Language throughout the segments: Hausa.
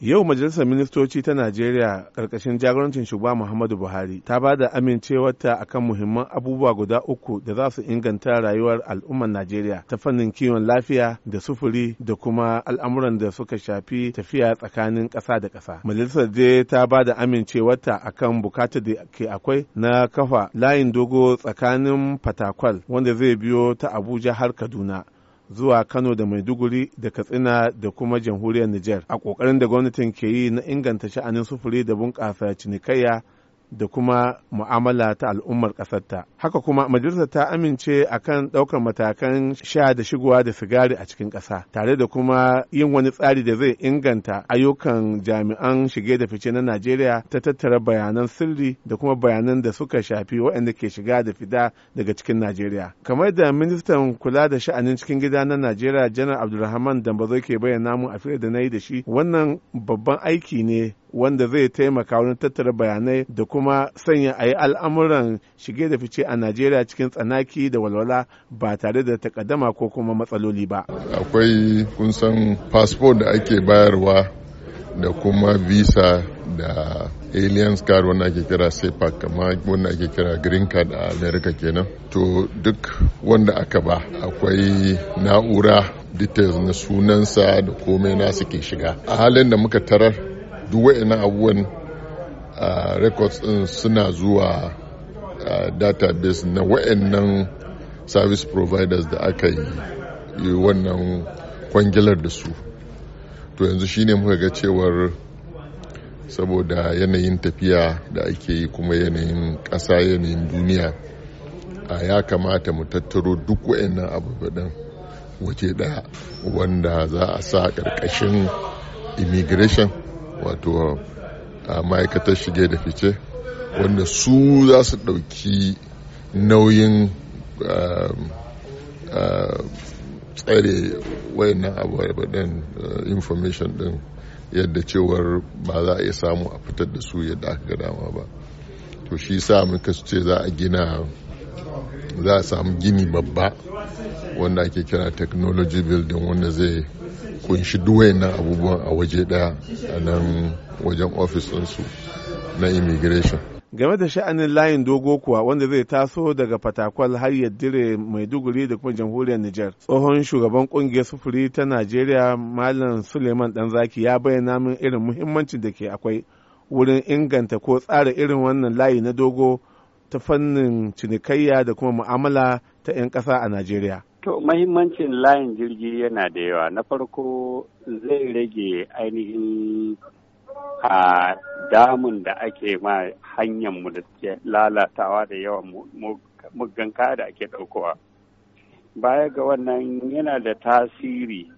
Yau Majalisar Ministoci ta Najeriya ƙarƙashin jagorancin shugaba Muhammadu Buhari ta ba da amincewarta a kan muhimman abubuwa guda uku da za su inganta rayuwar al'ummar Najeriya ta fannin kiwon lafiya da sufuri da kuma al'amuran da suka shafi tafiya tsakanin ƙasa da ƙasa. Majalisar je ta ba da amincewarta a kan bukatar da ke akwai na kafa layin dogo tsakanin Fatakwal wanda zai biyo ta Abuja har Kaduna. zuwa Kano da Maiduguri da Katsina da kuma jamhuriyar Nijar a ƙoƙarin da gwamnatin ke yi na inganta sha'anin sufuri da bunƙasa cinikayya da kuma mu'amala ta al'ummar ƙasarta. Haka kuma majalisar ta amince a kan ɗaukar matakan sha da shigowa da sigari a cikin ƙasa tare da kuma yin wani tsari da zai inganta ayyukan jami'an shige da fice na Najeriya ta tattara bayanan sirri da kuma bayanan da suka shafi waɗanda ke shiga da fita daga cikin Najeriya. Kamar da ministan kula da sha'anin cikin gida na Najeriya Janar Abdulrahman Dambazo ke bayyana mu a fiye da na yi da shi wannan babban aiki ne wanda zai taimaka wurin tattara bayanai da kuma sanya a yi al'amuran shige da fice a najeriya cikin tsanaki da walwala ba tare da takaddama ko kuma matsaloli ba akwai kun san fasfo da ake bayarwa da kuma visa da aliens card wanda ake kira sepa kama wanda ake kira green card a america kenan to duk wanda aka ba akwai na'ura details na sunansa da komai na suke shiga a halin da muka tarar duk wayannan abubuwan records din suna zuwa database na wa'annan service providers da aka yi wannan kwangilar da su to yanzu shine muka ga cewar saboda yanayin tafiya da ake yi kuma yanayin ƙasa yanayin duniya a ya kamata mu tattaro duk wa'annan abubuwan waje ɗaya wanda za a sa ƙarƙashin immigration wato ma'aikatar shige da fice wanda su za su ɗauki nauyin um, um, tsare wayannan abubuwan uh, information din yadda cewar ba za a iya samu a fitar da su yadda aka ga dama ba to shi sa muka ce za a gina za a samu gini babba wanda ake kira technology building wanda zai kunshi duwayen abubuwan a waje daya a nan wajen ofis ɗinsu na immigration game da sha'anin layin dogo kuwa wanda zai taso daga fatakwal har yaddire mai maiduguri da kuma jamhuriyar niger tsohon shugaban kungiyar sufuri ta najeriya malam suleiman danzaki ya bayyana min irin muhimmancin da ke akwai wurin inganta ko tsara irin wannan layi na dogo ta fannin cinikayya da kuma mu'amala ta 'yan ƙasa a najeriya To mahimmancin layin jirgi yana da yawa na farko zai rage ainihin a damun da ake ma hanyar mu da suke lalatawa da yawan muggan kaya da ake ɗaukowa. Baya ga wannan yana da tasiri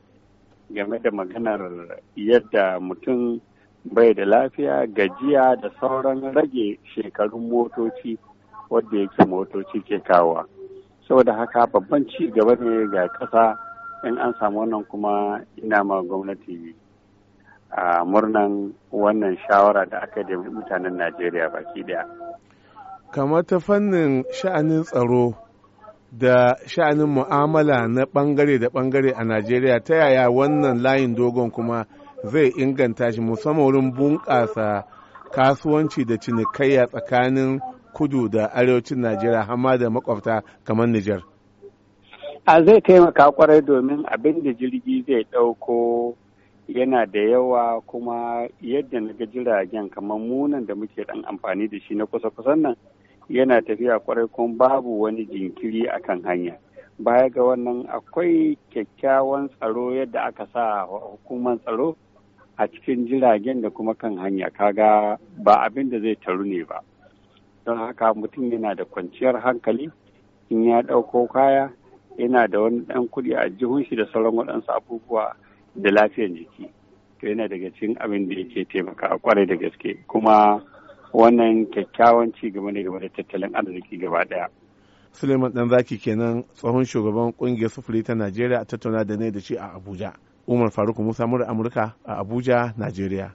game da maganar yadda mutum bai da lafiya gajiya da sauran rage shekarun motoci wadda yake motoci ke kawowa. saboda haka babban ci gaba ne ga ƙasa in an samu wannan kuma ina ma gwamnati a murnan wannan shawara da aka da mutanen najeriya baki daya kamar ta fannin sha'anin tsaro da sha'anin mu'amala na bangare da bangare a najeriya ta yaya wannan layin dogon kuma zai inganta shi musamman wurin bunƙasa kasuwanci da cinikayya tsakanin kudu da arewacin najeriya hama da makwabta kamar nijar a zai taimaka kwarai domin abin da jirgi zai ɗauko yana da yawa kuma yadda na ga jiragen kamar munan da muke ɗan amfani da shi na kusa-kusan nan yana tafiya kwarai kuma babu wani jinkiri a kan hanya baya ga wannan akwai kyakkyawan tsaro yadda aka sa hukumar tsaro a cikin jiragen da kuma kan hanya kaga ba abin da zai taru ne ba don haka mutum yana da kwanciyar hankali in ya ɗauko kaya yana da wani ɗan kuɗi a jihun shi da sauran waɗansu abubuwa da lafiyar jiki to yana daga cikin abin da yake taimaka kwarai da gaske kuma wannan kyakkyawan ci gaba ne game da tattalin arziki gaba ɗaya. Suleiman zaki kenan tsohon shugaban ƙungiyar sufuri ta Najeriya a tattauna da ne da shi a Abuja. Umar Faruk Musa Mura Amurka a Abuja, Najeriya.